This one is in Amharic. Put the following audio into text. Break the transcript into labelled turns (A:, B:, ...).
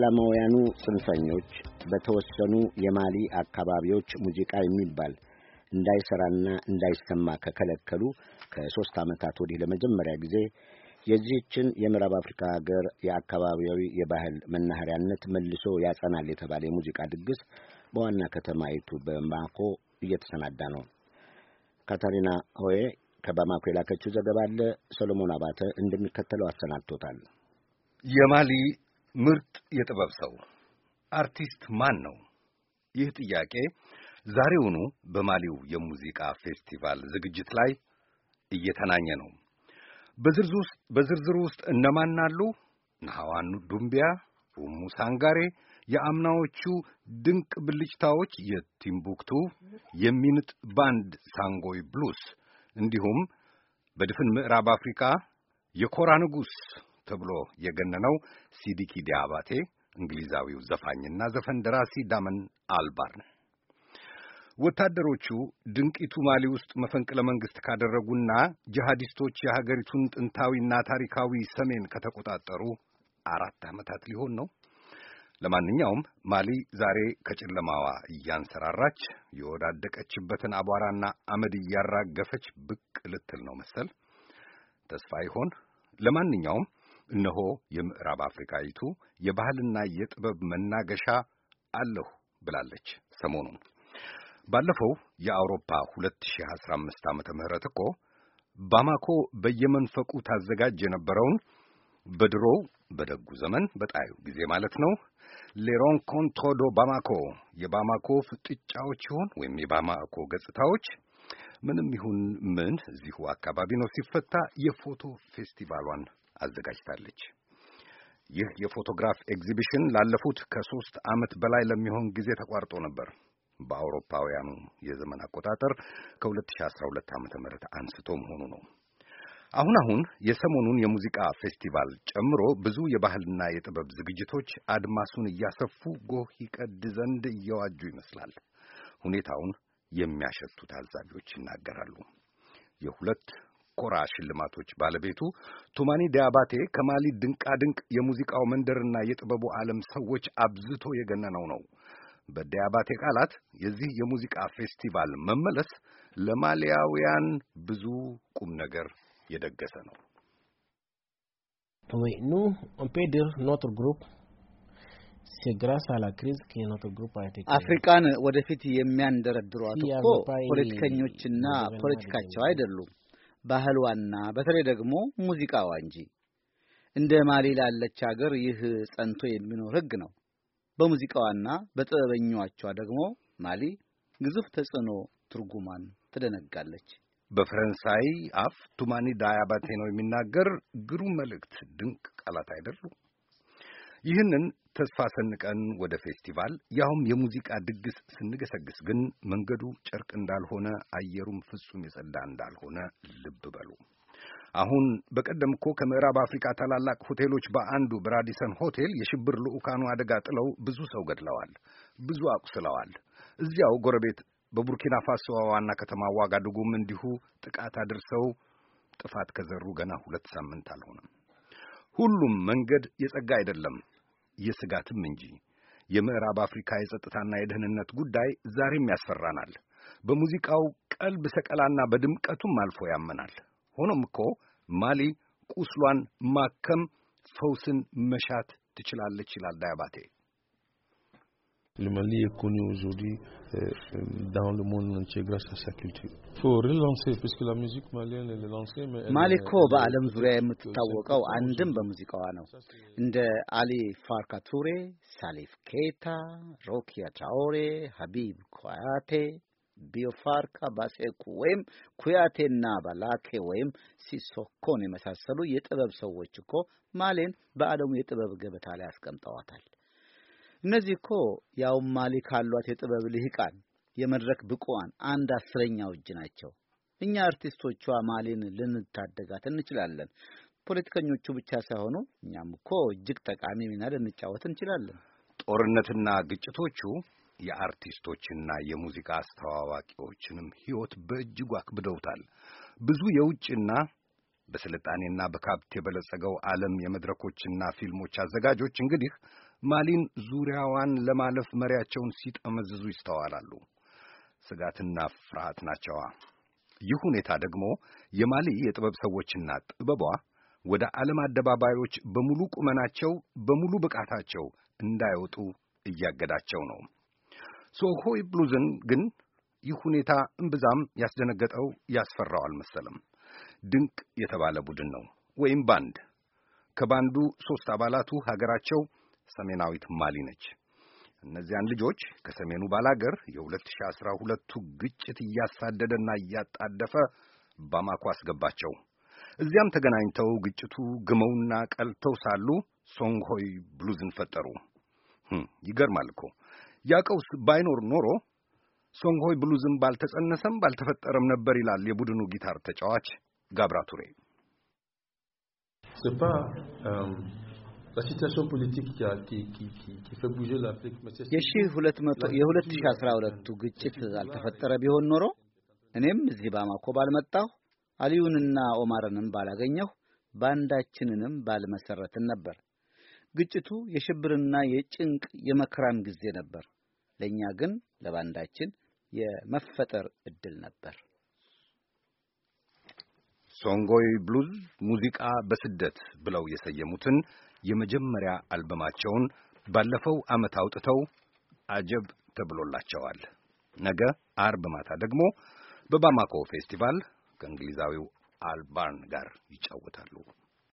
A: እስላማውያኑ ጽንፈኞች በተወሰኑ የማሊ አካባቢዎች ሙዚቃ የሚባል እንዳይሰራና እንዳይሰማ ከከለከሉ ከሦስት ዓመታት ወዲህ ለመጀመሪያ ጊዜ የዚህችን የምዕራብ አፍሪካ ሀገር የአካባቢያዊ የባህል መናኸሪያነት መልሶ ያጸናል የተባለ የሙዚቃ ድግስ በዋና ከተማይቱ በባማኮ እየተሰናዳ ነው። ካታሪና ሆዬ ከባማኮ የላከችው ዘገባ አለ። ሰሎሞን አባተ እንደሚከተለው አሰናድቶታል።
B: የማሊ ምርጥ የጥበብ ሰው አርቲስት ማን ነው? ይህ ጥያቄ ዛሬውኑ በማሊው የሙዚቃ ፌስቲቫል ዝግጅት ላይ እየተናኘ ነው። በዝርዝሩ ውስጥ እነማን አሉ? ነሐዋኑ ዱምቢያ፣ ኡሙ ሳንጋሬ፣ የአምናዎቹ ድንቅ ብልጭታዎች የቲምቡክቱ የሚንጥ ባንድ ሳንጎይ ብሉስ እንዲሁም በድፍን ምዕራብ አፍሪካ የኮራ ንጉሥ ተብሎ የገነነው ሲዲኪ ዲያባቴ እንግሊዛዊው ዘፋኝና ዘፈን ደራሲ ዳመን አልባር ነው። ወታደሮቹ ድንቂቱ ማሊ ውስጥ መፈንቅለ መንግሥት ካደረጉና ጂሃዲስቶች የሀገሪቱን ጥንታዊና ታሪካዊ ሰሜን ከተቆጣጠሩ አራት ዓመታት ሊሆን ነው። ለማንኛውም ማሊ ዛሬ ከጨለማዋ እያንሰራራች የወዳደቀችበትን አቧራና አመድ እያራገፈች ብቅ ልትል ነው መሰል። ተስፋ ይሆን? ለማንኛውም እነሆ የምዕራብ አፍሪካዊቱ የባህልና የጥበብ መናገሻ አለሁ ብላለች። ሰሞኑን ባለፈው የአውሮፓ 2015 ዓመተ ምህረት እኮ ባማኮ በየመንፈቁ ታዘጋጅ የነበረውን በድሮ በደጉ ዘመን በጣዩ ጊዜ ማለት ነው ሌሮን ኮንትሮዶ ባማኮ የባማኮ ፍጥጫዎች ይሁን ወይም የባማኮ ገጽታዎች ምንም ይሁን ምን እዚሁ አካባቢ ነው ሲፈታ የፎቶ ፌስቲቫሏን አዘጋጅታለች። ይህ የፎቶግራፍ ኤግዚቢሽን ላለፉት ከሶስት ዓመት በላይ ለሚሆን ጊዜ ተቋርጦ ነበር። በአውሮፓውያኑ የዘመን አቆጣጠር ከ2012 ዓ.ም አንስቶ መሆኑ ነው። አሁን አሁን የሰሞኑን የሙዚቃ ፌስቲቫል ጨምሮ ብዙ የባህልና የጥበብ ዝግጅቶች አድማሱን እያሰፉ ጎህ ይቀድ ዘንድ እየዋጁ ይመስላል። ሁኔታውን የሚያሸቱ ታዛቢዎች ይናገራሉ። የሁለት የቆራ ሽልማቶች ባለቤቱ ቱማኒ ዲያባቴ ከማሊ ድንቃድንቅ የሙዚቃው መንደርና የጥበቡ ዓለም ሰዎች አብዝቶ የገነነው ነው። በዲያባቴ ቃላት የዚህ የሙዚቃ ፌስቲቫል መመለስ ለማሊያውያን ብዙ ቁም ነገር የደገሰ ነው።
A: Oui, ወደፊት የሚያንደረድሯት እኮ ፖለቲከኞችና ፖለቲካቸው አይደሉም። ባህልዋና በተለይ ደግሞ ሙዚቃዋ እንጂ። እንደ ማሊ ላለች አገር ይህ ጸንቶ የሚኖር ሕግ ነው። በሙዚቃዋና በጥበበኞቿ ደግሞ ማሊ ግዙፍ
B: ተጽዕኖ ትርጉማን ትደነጋለች። በፈረንሳይ አፍ ቱማኒ ዳያባቴ ነው የሚናገር ግሩም መልእክት፣ ድንቅ ቃላት አይደሉ? ይህንን ተስፋ ሰንቀን ወደ ፌስቲቫል ያውም የሙዚቃ ድግስ ስንገሰግስ ግን መንገዱ ጨርቅ እንዳልሆነ አየሩም ፍጹም የጸዳ እንዳልሆነ ልብ በሉ። አሁን በቀደም እኮ ከምዕራብ አፍሪካ ታላላቅ ሆቴሎች በአንዱ በራዲሰን ሆቴል የሽብር ልዑካኑ አደጋ ጥለው ብዙ ሰው ገድለዋል፣ ብዙ አቁስለዋል። እዚያው ጎረቤት በቡርኪና ፋሶ ዋና ከተማ ዋጋዱጉም እንዲሁ ጥቃት አድርሰው ጥፋት ከዘሩ ገና ሁለት ሳምንት አልሆነም። ሁሉም መንገድ የጸጋ አይደለም። የስጋትም እንጂ የምዕራብ አፍሪካ የጸጥታና የደህንነት ጉዳይ ዛሬም ያስፈራናል። በሙዚቃው ቀልብ ሰቀላና በድምቀቱም አልፎ ያመናል። ሆኖም እኮ ማሊ ቁስሏን ማከም፣ ፈውስን መሻት ትችላለች ይላል ዳያባቴ። Le Mali est connu aujourd'hui ማሊኮ በዓለም ዙሪያ
A: የምትታወቀው አንድም በሙዚቃዋ ነው። እንደ አሊ ፋርካቱሬ፣ ሳሊፍ ኬታ፣ ሮኪያ ትራኦሬ፣ ሀቢብ ኩያቴ፣ ቢዮፋርካ ባሴኩ ወይም ኩያቴና ባላኬ ወይም ሲሶኮን የመሳሰሉ የጥበብ ሰዎች እኮ ማሌን በዓለሙ የጥበብ ገበታ ላይ አስቀምጠዋታል። እነዚህ እኮ ያው ማሊ ካሏት የጥበብ ልሂቃን የመድረክ ብቁዋን አንድ አስረኛው እጅ ናቸው። እኛ አርቲስቶቿ ማሊን ልንታደጋት እንችላለን። ፖለቲከኞቹ ብቻ ሳይሆኑ እኛም እኮ እጅግ ጠቃሚ ሚና ልንጫወት
B: እንችላለን። ጦርነትና ግጭቶቹ የአርቲስቶችና የሙዚቃ አስተዋዋቂዎችንም ሕይወት በእጅጉ አክብደውታል። ብዙ የውጭና በስልጣኔና በካብት የበለጸገው ዓለም የመድረኮችና ፊልሞች አዘጋጆች እንግዲህ ማሊን ዙሪያዋን ለማለፍ መሪያቸውን ሲጠመዝዙ ይስተዋላሉ። ስጋትና ፍርሃት ናቸዋ። ይህ ሁኔታ ደግሞ የማሊ የጥበብ ሰዎችና ጥበቧ ወደ ዓለም አደባባዮች በሙሉ ቁመናቸው በሙሉ ብቃታቸው እንዳይወጡ እያገዳቸው ነው። ሶሆይ ብሉዝን ግን ይህ ሁኔታ እምብዛም ያስደነገጠው ያስፈራው አልመሰለም። ድንቅ የተባለ ቡድን ነው ወይም ባንድ። ከባንዱ ሦስት አባላቱ ሀገራቸው ሰሜናዊት ማሊ ነች። እነዚያን ልጆች ከሰሜኑ ባላገር የ2012ቱ ግጭት እያሳደደና እያጣደፈ ባማኮ አስገባቸው። እዚያም ተገናኝተው ግጭቱ ግመውና ቀልተው ሳሉ ሶንግሆይ ብሉዝን ፈጠሩ። ይገርማል እኮ ያ ቀውስ ባይኖር ኖሮ ሶንግሆይ ብሉዝም ባልተጸነሰም ባልተፈጠረም ነበር ይላል የቡድኑ ጊታር ተጫዋች ጋብራቱሬ። የ2012ቱ
A: ግጭት አልተፈጠረ ቢሆን ኖሮ እኔም እዚህ ባማኮ ባልመጣሁ፣ አልዩንና ኦማርንም ባላገኘሁ፣ ባንዳችንንም ባልመሰረትን ነበር። ግጭቱ የሽብርና የጭንቅ የመከራም ጊዜ ነበር። ለእኛ ግን ለባንዳችን የመፈጠር እድል ነበር።
B: ሶንጎይ ብሉዝ ሙዚቃ በስደት ብለው የሰየሙትን የመጀመሪያ አልበማቸውን ባለፈው ዓመት አውጥተው አጀብ ተብሎላቸዋል። ነገ አርብ ማታ ደግሞ በባማኮ ፌስቲቫል ከእንግሊዛዊው አልባርን ጋር ይጫወታሉ።